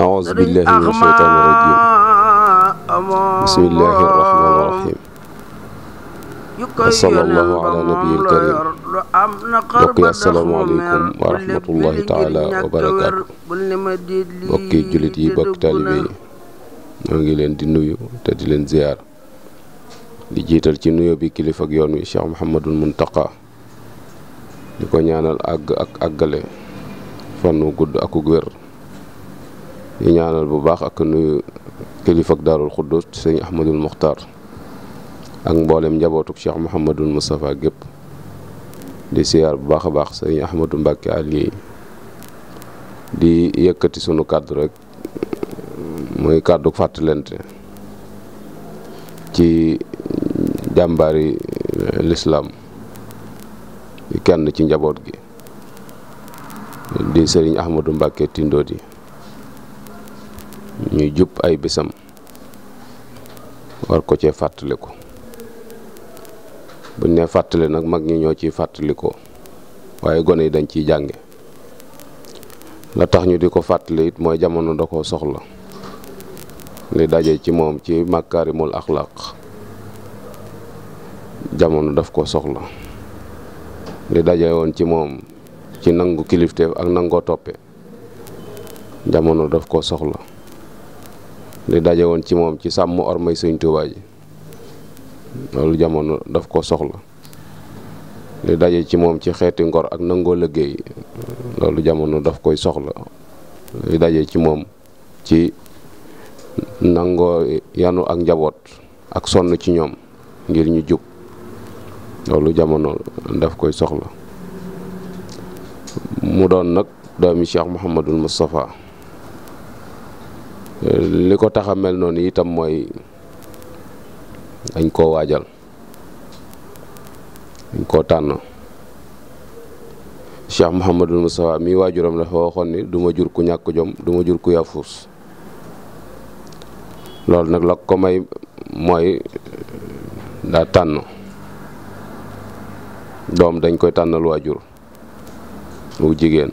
أعوذ بالله من الشيطان الرجيم بسم الله الرحمن الرحيم وصلى الله على نبي الكريم mbokk yi bokk taalibe yi ngi leen di nuyu te di leen ziyaar di jiital ci nuyoo bi kilifa yoon wi Cheikh Mouhamadul Muntaqa di ko ñaanal àgg ak àggale fan wu gudd ak wér di bu baax ak nuyu kilifa ak daarul xuddus sëñ Ahmadul Muxtaar ak mboolem njabootuk Cheikh Mouhamadul Moustapha gépp di siyaar bu baax a baax sëñ Ahmadou Mbacke Ali di yëkkati sunu kàddu rek muy kàddu fàttalente ci jàmbaari lislaam kenn ci njaboot gi di sëriñ Ahmadou Mbacke Tindodi ñuy jub ay bisam war ko cee ko buñ ne fàttali nag mag ñi ñoo ciy ko waaye gone yi dañ ci jànge la tax ñu di ko fàttali it mooy jamono da koo soxla li daje ci moom ci makaarimul axlaq jamono daf ko soxla li daje woon ci moom ci nangu kilifteef ak nangoo toppe jamono daf ko soxla li daje woon ci moom ci sàmm ormay sëñ Tuubaa ji loolu jamono daf ko soxla li ci moom ci xeeti ngor ak nangoo liggéey loolu jamono daf koy soxla li daje ci moom ci nangoo yanu ak njaboot ak sonn ci ñoom ngir ñu jub loolu jamono daf koy soxla mu doon nag doomi Cheikh Mouhamadul Moustapha li ko tax a mel noonu itam mooy dañ koo waajal dañ koo tànn Cheikh Mouhamadul Moustapha mi waajuram dafa waxoon ni duma jur ku ñàkk jom du ma jur ku yaafus loolu nag la ko may mooy daa tànn doom dañ koy tànnal waajur wu jigéen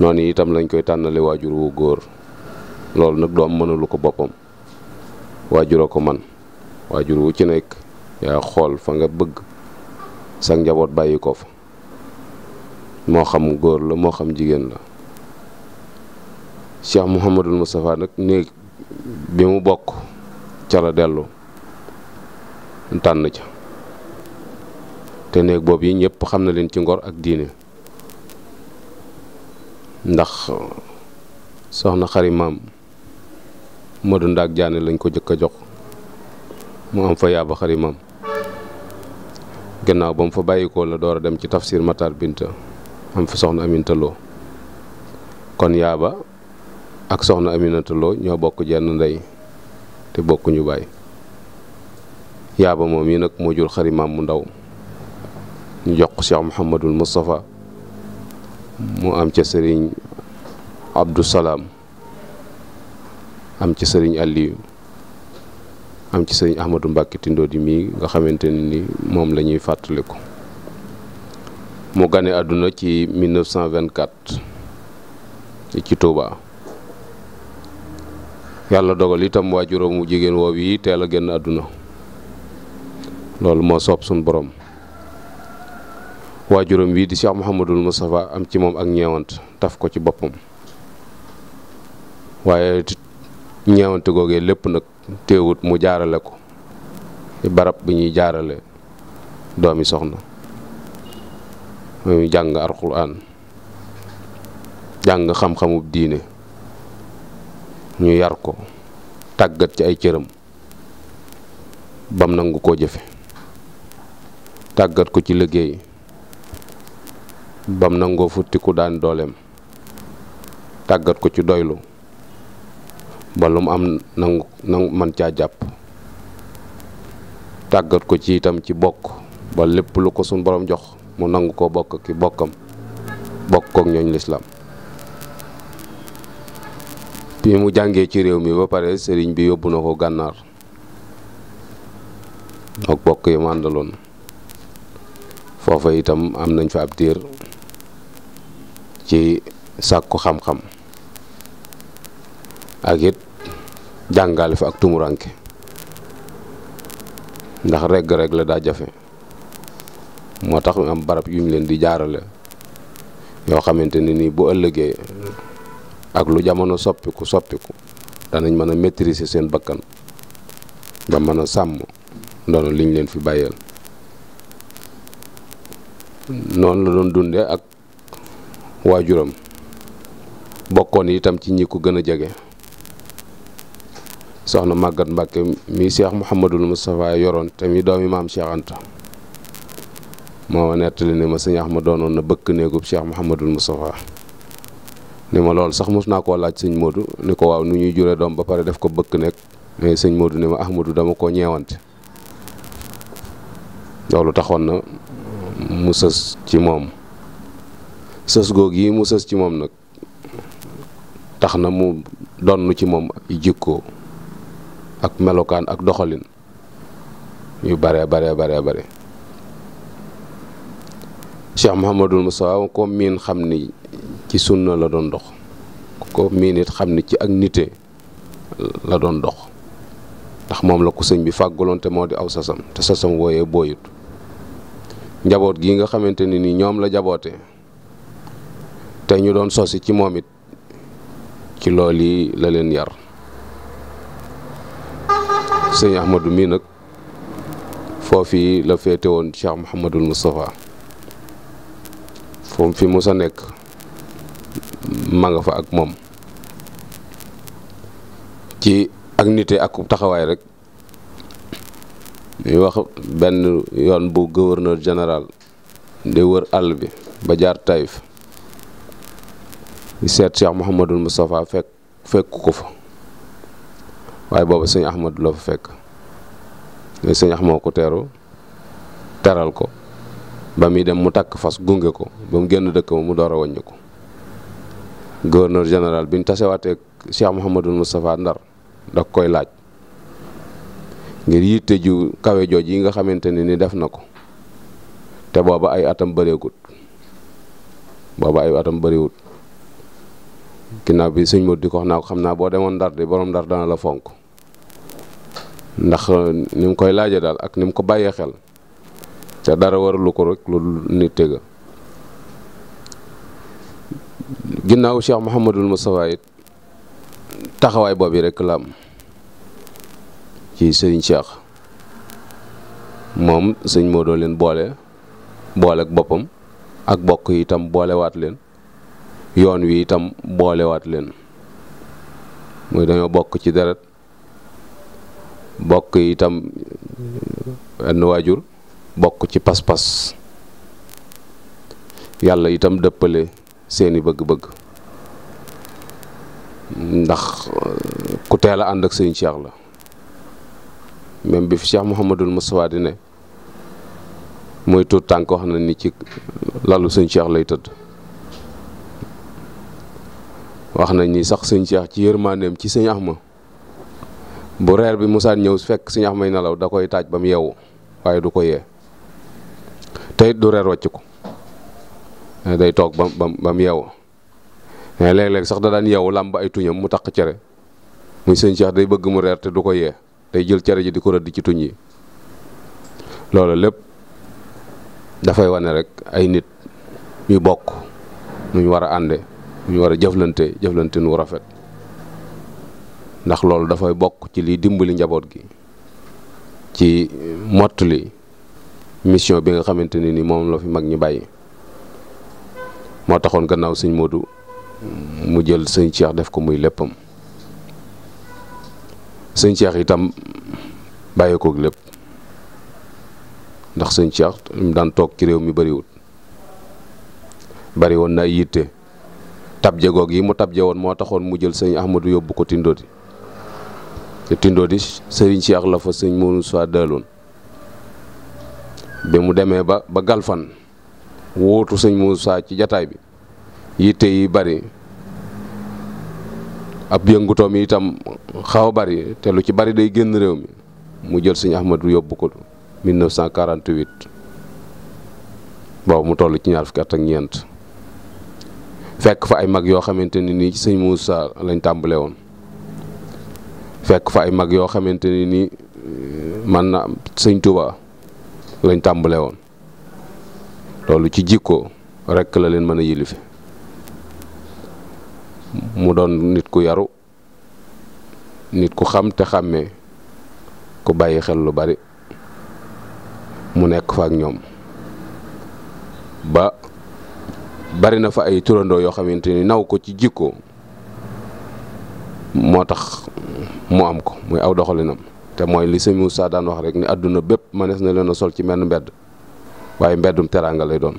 noonu itam lañ koy tànnali waajur wu góor loolu nag doom mënalu ko boppam waajur a ko man waajur wu ci nekk yaa xool fa nga bëgg sa njaboot bàyyi ko fa moo xam góor la moo xam jigéen la Cheikh Mouhamadul Moustapha nag néeg bi mu bokk ca la dellu tànn ca te néeg boobu yi ñëpp xam na leen ci ngor ak diine ndax soxna xari maam Modou Ndaak Diané lañ ko jëkk a jox mu am fa yaaba xari maam gannaaw ba mu fa bàyyikoo la door a dem ci tafsir Matar Binta am fa soxna Aminta Lo kon yaaba ak soxna Aminata Lo ñoo bokk jenn ndey te bokkuñu baay yaaba moom yi nag moo jur xari maam mu ndaw ñu jox ko Cheikh Mouhamadul Moustapha mu am ca sëriñ Abdou Salaam am ci sëriñ Aliou am ci sëriñ Ahmadou Mbacke Tindodi mii nga xamante ne ni moom lañuy ñuy fàttaliku mu gane àdduna ci 1924 ci Touba yàlla dogal itam waa juróomu jigéen woow yi teel a génn àdduna loolu moo soob suñ boroom waa juróom wii di Cheikh Mouhamadul Moustapha am ci moom ak ñeewant taf ko ci boppam waaye ñeewante googee lépp nag teewut mu jaarale ko barab bi ñuy jaarale doomi soxna muy jàng alxuraan jàng xam-xamub diine ñu yar ko tàggat ci ay cëram bam nangu koo jëfe tàggat ko ci liggéey bam nangoo futtiku daan dooleem tàggat ko ci doylu ba lu mu am nangu nangu man caa jàpp tàggat ko ci itam ci bokk ba lépp lu ko suñ borom jox mu nangu ko bokk ki bokkam bokk kook ñooñu lislaam bi mu jàngee ci réew mi ba pare sëriñ bi yóbbu na ko gànnaar ak bokk yi mu àndaloon foofa itam am nañ fa ab diir ci sàkku xam-xam ak it jàngale fa ak tumuraanke ndax regg rek la daa jafe moo tax am barab yu ñu leen di jaarale yoo xamante ne nii bu ëllëgee ak lu jamono soppiku soppiku danañ mën a maîtriser seen bakkan ba mën a sàmm ndono liñ leen fi bàyyeel noonu la doon dunde ak waajuram bokkoon itam ci ñi ko gën a jege soxna màggat Mbàkke mi Cheikh Mouhamadul Moustapha yoroon te mi doomi maam Cheikh Anta moo ma nettali ni ma sëñ ma doonoon na bëkk néegub Cheikh Mouhamadul Moustapha ni ma loolu sax mos naa koo laaj sëñ Modou ni ko waaw nu ñuy jure doom ba pare def ko bëkk nekk mais sëñ Modou ni ma Ahmadou dama koo ñeewante loolu taxoon na mu sës ci moom sës goog yi mu sës ci moom nag tax na mu donn ci moom jikkoo ak melokaan ak doxalin yu bare bare bare bare Cheikh Mouhamadul Moustapha ko miin xam ni ci sunna la doon dox ko miin xam ni ci ak nite la doon dox ndax moom la ko sëñ bi fàgguloon te moo di aw sasam te sasam wooyee booyut njaboot gi nga xamante ni ñoom la jaboote te ñu doon sosi ci moom it ci loolu yi la leen yar sëñ Ahmadou mii nag foofii la féete woon Cheikh Mouhamadul Moustapha foom fi mu sa nekk ma fa ak moom ci ak nite ak taxawaay rek ñuy wax benn yoon bu gouverneur général de wër àll bi ba jaar Taïf seet Cheikh Mouhamadul Moustapha fekk fekku ko fa waaye booba sëñ Ahmadu la fa fekk mais sëñ Ahmadu ko teeru teral ko ba muy dem mu takk fas gunge ko ba mu génn dëkk ma mu door a ko gouverneur général bi ñu tasewaatee Cheikh Mouhamadul Moustapha Ndar da koy laaj ngir yitte ju kawe jooj yi nga xamante ne ni def na ko te booba ay atam bëreegut booba ay atam bëriwut ginnaaw bi sëñ Modou di ko wax naa ko xam naa boo demoon ndar di borom ndar dana la fonk ndax euh, ni mu koy laaje daal ak ni mu ko bàyyee xel ca dara waralu ko rek lu nit tëgga ginnaaw Cheikh Mouhamadul Moustapha it taxawaay boob yi rek la ci sëñ Cheikh moom sëñ Modou leen boole boole ak boppam ak bokk itam boolewaat leen yoon wi itam boolewaat leen muy dañoo bokk ci deret bokk itam benn waajur bokk ci pas-pas yàlla itam dëppale seeni bëgg-bëgg ndax ku teel a ànd ak sëñ Cheikh la même bi fi Cheikh Mouhamadul Moustapha di ne muy tuut tànk wax na ni ci lalu sëñ Cheikh lay tëdd wax nañ ni sax sëñ Cheikh ci yërmandeem ci sëñ Axma bu reer bi musaan ñëw fekk sëñ Axmay nelaw da koy taaj ba mu yeewu waaye du ko yee tey du reer wàcc ko eh, day toog ba mu yeewu mais eh, léeg-léeg sax da daan yeewu làmb ay tuñam mu taq cere muy sëñ Cheikh day bëgg mu reer te du ko yee day jël cere ji di ko rëdd ci tuñ yi loolu lépp dafay wane rek ay nit ñu bokk nuñ war a ànde bu war a jëflante jëflante nu rafet ndax loolu dafay bokk ci liy dimbali njaboot gi ci li mission bi nga xamante ne ni moom la fi mag ñi bàyyi moo taxoon gannaaw sëñ Modou mu jël sëñ Cheikh def ko muy léppam sëñ Cheikh itam bàyyi koog lépp ndax sëñ Cheikh mu daan toog ci réew mi bariwut bari woon na ay yitte tabje goog yi mu tabje woon moo taxoon mu jël sëñ Ahmadou yóbbu ko Tindodi te Tindodi sëriñ Cheikh la fa sëñ Moussa daaloon bi mu demee ba ba galfan wóotu sëñ Moussa ci jataay bi yitte yi bari ab yëngutoom yi itam xaw a bari te lu ci bari day génn réew mi mu jël sëñ Ahmadou yóbbu ko 1948 boobu mu toll ci ñaar fukki at ak ñeent fekk fa ay mag yoo xamante ne nii ci sëñ Moussa lañ tàmbale woon fekk fa ay mag yoo xamante ne nii eh, man na sëñ Touba lañ tàmbale woon loolu ci jikkoo rekk la leen mën a yilife mu doon nit ku yaru nit ku xam te xàmmee ku bàyyi xel lu bari mu nekk fa ak ñoom ba bari na fa ay turandoo yoo xamante ni naw ko ci jikkoo moo tax mu am ko muy aw doxalinam te mooy li sëñ Moussa daan wax rek ni àdduna bépp mënees na leen a sol ci menn mbedd waaye mbeddum teraanga lay doon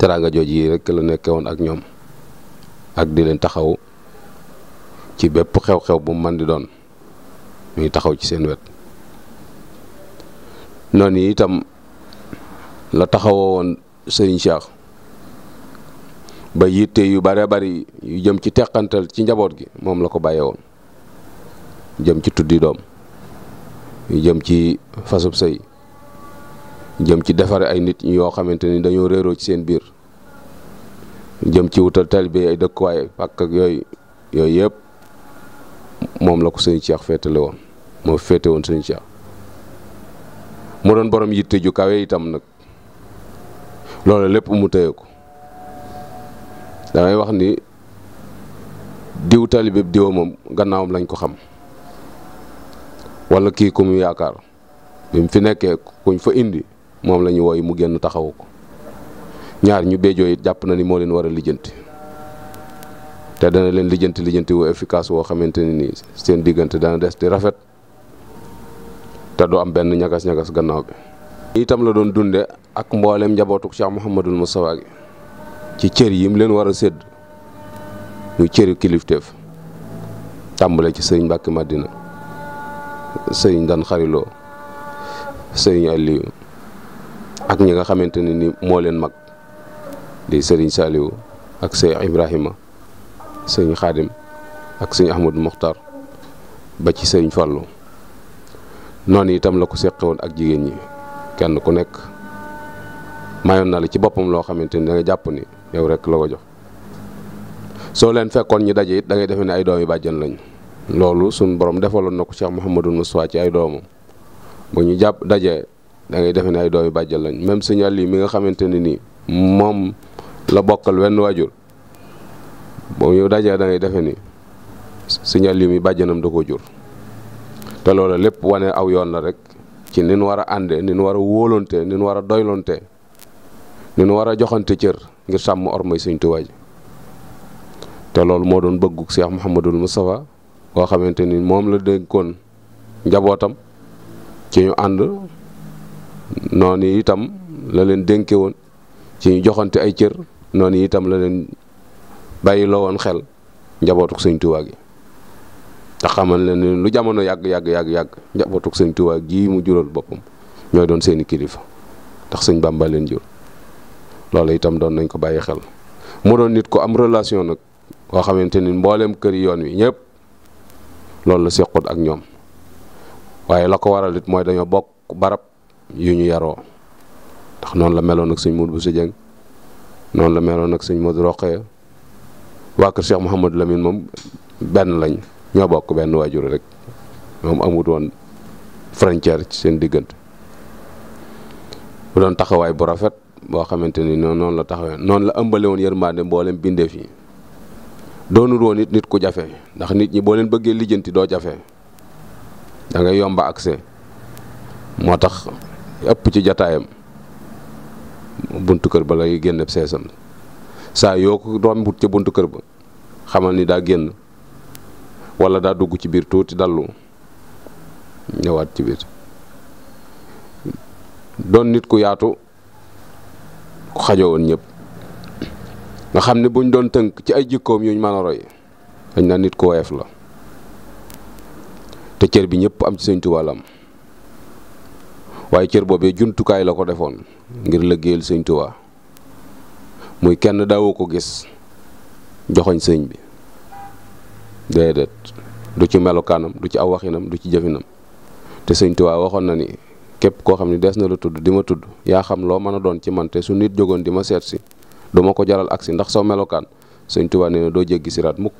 teraanga jooju yi rek la nekkee woon ak ñoom ak di leen taxaw ci bépp xew-xew bu mu mën di doon muy taxaw ci seen wet noonu itam la taxawoo woon sëriñ Cheikh ba yitte yu bare bari yu jëm ci teqantal ci njaboot gi moom la ko bàyyee woon jëm ci tuddi doom yu jëm ci fasub sëy jëm ci defare ay nit yoo xamante ni dañoo réeroo ci seen biir jëm ci wutal talibé ay dëkkuwaay pàkk ak yooyu yooyu yëpp moom la ko sëñ Cheikh féetale woon moo féete woon sëñ Cheikh mu doon borom yitte ju kawe itam nag loole lépp mu téye ko damay wax ni diw talibeb diwa moom gannaawam lañ ko xam wala kii ku mu yaakaar bi mu fi nekkee kuñ fa indi moom la ñu wooy mu génn taxawu ko ñaar ñu béjoo it jàpp na ni moo leen war a lijjanti te dana leen lijjanti lijjanti wu efficace woo xamante ni nii seen diggante dana des di rafet te du am benn ñagas-ñagas gannaaw bi. itam la doon dunde ak mboolem njabootu Cheikh Mouhamadul Moustapha gi ci cër yi mu leen war a sédd cër cëri kilifteef tàmbale ci sëriñ Mbàkke màddina sëriñ Dan Xariloo sëriñ Aliou ak ñi nga xamante ne ni moo leen mag di sëriñ Saliou ak sëriñ Ibrahima sëriñ Xaadim ak sëriñ Ahmadou Mokhtar ba ci sëriñ Fàllu noonu itam la ko seqewoon ak jigéen ñi kenn ku nekk mayoon na la ci boppam loo xamante ni jàpp ni yow rek la ko jox soo leen fekkoon ñu daje it da ngay defe ne ay doom yi bàjjan lañ loolu suñ borom defaloon na ko Cheikh Mouhamadou Moussa ci ay doomam bu ñu jàpp dajee dangay ngay defe ne ay doom lañ même signal yi mi nga xamante ne nii moom la bokkal wenn waajur boo ñu dajee da ngay defe ni signal yi mi bàjjanam da ko jur te loolu lépp wane aw yoon la rek ci ni nu war a àndee ni nu war a wóolonte ni war a doylonte ni nu war a joxante cër ngir sàmm ormay sëñ Tuubaa ji te loolu moo doon bëggug Cheikh Mouhamadul Moustapha koo xamante ni moom la dénkoon njabootam ci ñu ànd noonu itam la leen dénke woon ci ñu joxante ay cër noonu itam la leen bàyyi loo woon xel njabootuk sëñ Tuubaa gi te xamal leen lu jamono yàgg yàgg yàgg yàgg njabootuk sëñ gii mu jural boppam ñooy doon seeni kilifa ndax sëñ Bàmba leen jur loolu itam doon nañ ko bàyyi xel mu doon nit ko am relation nag koo xamante ni mbooleem kër yoon wi ñëpp loolu la sequt ak ñoom waaye la ko waral it mooy dañoo bokk barab yu ñu yaroo ndax noonu la meloon ak sëñ Modou Bousso Dieng noonu la meloon ak sëñ Modou Rokhaya waa kër Cheikh Mouhamadou Lamine moom benn lañ ñoo bokk benn waajur rek moom amut woon frontière ci seen diggante bu doon taxawaay bu rafet. boo xamante ni noonu la taxawee noonu la ëmbale woon yërmande mboolem bindeef yi doonul woon it nit ku jafe ndax nit ñi boo leen bëggee lijjanti doo jafe da yomba accès moo tax ëpp ci jataayam buntu kër ba génn seesam saa yoo ko buntu kër ba xamal ni daa génn wala daa dugg ci biir tuuti dallu ñëwaat ci biir doon nit ku yaatu xajoo woon ñëpp nga xam ne buñ doon tënk ci ay jikkoom yuñ mën dañ naan nit ku woyof la te cër bi ñëpp am ci sëñ Tuubaa lam waaye cër boobee jumtukaay la ko defoon ngir liggéeyal sëñ Tuubaa muy kenn daawoo ko gis joxoñ sëñ bi déedéet du ci melokaanam du ci aw waxinam du ci jëfinam te sëñ waxoon na ni képp koo xam ne des na la tudd di ma tudd yaa xam loo mën a doon ci man te nit jógoon di ma seet si du ko jaral agsi ndax saw melokaan Sëñ Tuubaa nee doo jéggi siraat mukk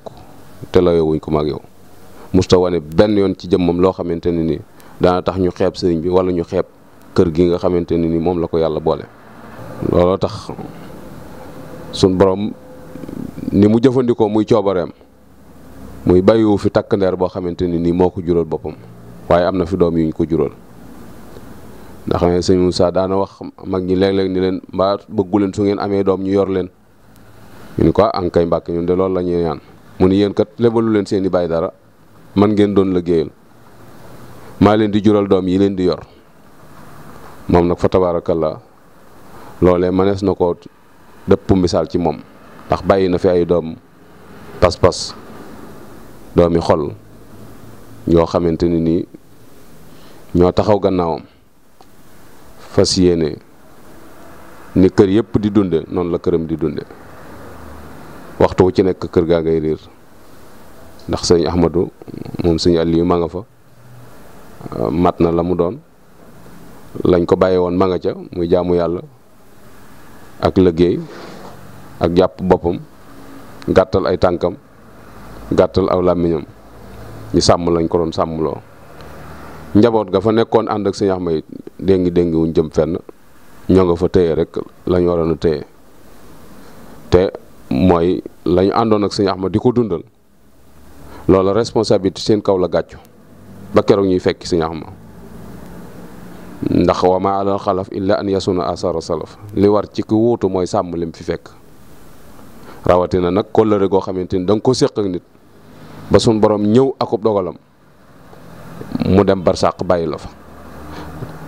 te la ko mag yow musta wane benn yoon ci jëmmam loo xamante ne nii daana tax ñu xeeb sëriñ bi wala ñu xeeb kër gi nga xamante ne nii moom la ko yàlla boole looloo tax sun boroom ni mu jëfandikoo muy coobareem muy bàyyiwu fi takk ndeer boo xamante ni nii moo ko jural boppam waaye am na fi doom yu ñu ko jural ndax sëñ Moussa daana wax mag ñi léeg-léeg ni leen mbaa bëggu leen su ngeen amee doom ñu yor leen ñu ni ko ah, an kay mbàkk ñun de loolu la ñuy ñaan mu ni yéen kat lebalu leen seeni i bàyyi dara man ngeen doon liggéeyal maa leen di jural doom yi leen di yor moom nag fa tabaarakallaa loolee mënees na ko dëpp misaal ci moom ndax bàyyi na fi ay doom pas-pas doomi xol ñoo xamante ni nii ñoo taxaw gannaawam fas yéene ni kër yëpp di dunde noonu la këram di dunde waxtu ci nekk kër gaa ngay riir ndax sëñ Ahmadou moom sëñ Aliou ma nga fa euh, mat na la mu doon lañ ko bàyyi woon ma nga ca muy jaamu yàlla ak liggéey ak jàpp boppam gàttal ay tànkam gàttal aw làmmiñam ñu sàmm lañ ko doon sàmmloo njaboot ga fa nekkoon ànd ak sëñ Ahmad déngi déngi wuñ jëm fenn ñoo nga fa téye rek lañu waroon a téye te mooy lañu àndoon ak sëñ ma di ko dundal loolu responsabilité seen kaw la gàccu ba keroog ñuy fekk sëñ ma ndax wa ma ala xalaf illa an yasuna asara salaf li war ci ki wuutu mooy sàmm lim fi fekk rawatina nag kóllëre goo xamante ni da nga ko séq ak nit ba suñ boroom ñëw akub dogalam mu dem barsàq bàyyi la fa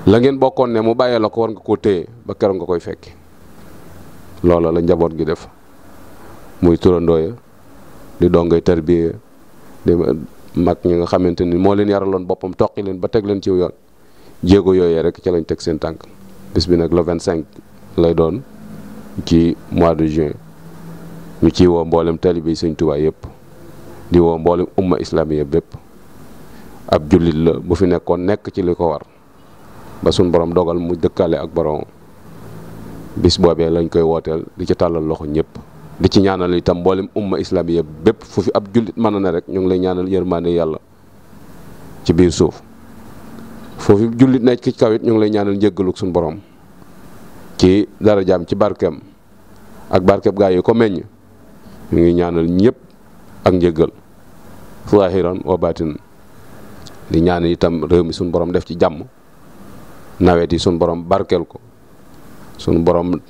la ngeen bokkoon ne mu bàyyee la ko war nga koo téye ba keroog nga koy fekki loolo la njaboot gi def muy turandoo di di dongay tarbiya di mag ñi nga xamante ni moo leen yaraloon boppam toqi leen ba teg leen ci yoon jéego yooyee rek ca lañ teg seen tànk bis bi nag la le cinq lay doon ci mois de juin ñu ciy woo mboolem taalibe yi Sëñ Tuubaa yëpp di woo mboolem umma islamiya bépp ab jullit la bu fi nekkoon nekk ci li ko war ba suñ borom dogal mu dëkkaale ak borom bis boobee lañ koy wooteel di ci tàllal loxo ñëpp di ci ñaanal itam mboolem umma islamiya bépp fu fi ab jullit mën na rek ñoo ngi lay ñaanal yërmaande yàlla ci biir suuf fu fi jullit nekk ci kaw it ngi lay ñaanal njëggaluk suñ borom ci darajaam ci barkeem ak barkeem gaa yi ko meññ ñu ngi ñaanal ñëpp ak njëggal zahiran wa batin di ñaan itam réew mi suñ borom def ci jàmm nawet yi suñ borom barkeel ko suñ borom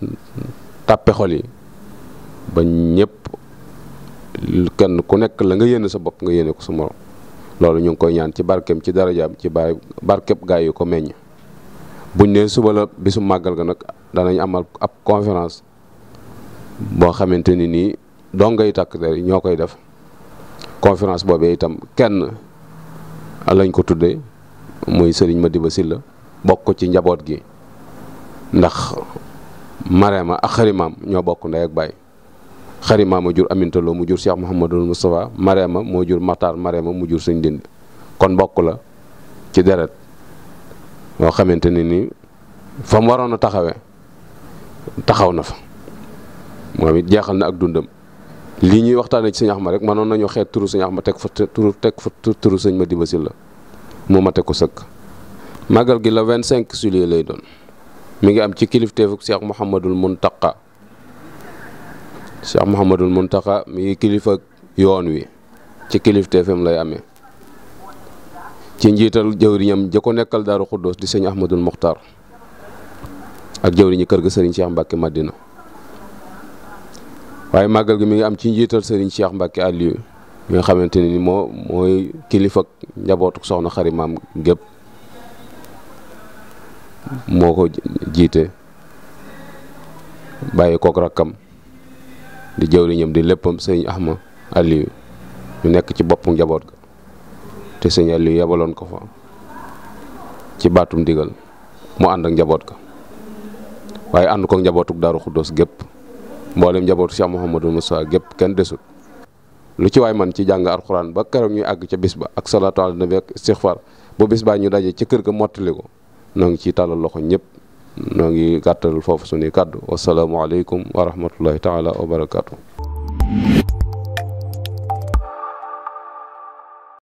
tàppe xol yi ba ñëpp kenn ku nekk la nga yéene sa bopp nga yéene ko sa morom loolu ñu ngi koy ñaan ci barkeem ci darajaam ci baay barkeb gaay yu ko meññ buñ ne suba la bisu màggal ga nag danañ amal ab conférence boo xamante ni nii dongay takk der ñoo koy def conférence boobee itam kenn lañ ko tuddee muy Serigne Madiba Sylla bokk ci njaboot gi ndax ma ak xarimaam ñoo bokk ndey ak baay xarimaam a jur Aminta mu jur Cheikh Mouhamadul mare ma moo jur Matar Marema mu jur sañ Dind kon bokk la ci deret yoo xamante ne ni fa mu waroon a taxawee taxaw na fa moom it jeexal na ak dundam lii ñuy waxtaanee ci sëñ ma rek mënoon nañu xeet turu sëñ Axma teg fa turu teg fa turu sëñ Madiba Sylla moo ma teg ko sëkk. màggal gi la vingt cinq juillet lay doon mi ngi am ci kilifteefuk Cheikh Mouhamadul Mountakha Cheikh Mouhamadul Mountakha mi ngi kilifa yoon wi ci kilifteefam lay ame ci njiital jëwriñam ja ko nekkal Daaru Xuddoos di sëñ Ahmadul Muxtaar ak jëwriñu kër ga sëriñ Cheikh Mbacke Madina waaye màggal gi mi ngi am ci njiital sëriñ Cheikh Mbacke Aliou mi nga xamante ni moo mooy kilifa njabootuk soxna xarimaam gépp moo ko jiite bàyyi kook rakkam di jëwriñam di léppam sëñ Ahma Aliou ñu nekk ci boppu njaboot ga te sëñ Aliou yebaloon ko fa ci baatum ndigal mu ànd ak njaboot ga waaye ànd kook njabootuk Daaru Xuddoos gépp mboolem njabootu Cheikh Mouhamadou Moussa gépp kenn desut lu ci waay man ci jàng alxuraan ba keroog ñuy àgg ca bis ba ak salaatu na nabi ak istixfar bu bis baa ñu dajee ci kër ga mottali ko noo ngi ciy tàllal loxo ñëpp noo ngi gàttal foofu suñuy kàddu wasalaamualeykum wa rahmatullahi taala wa barakaatu.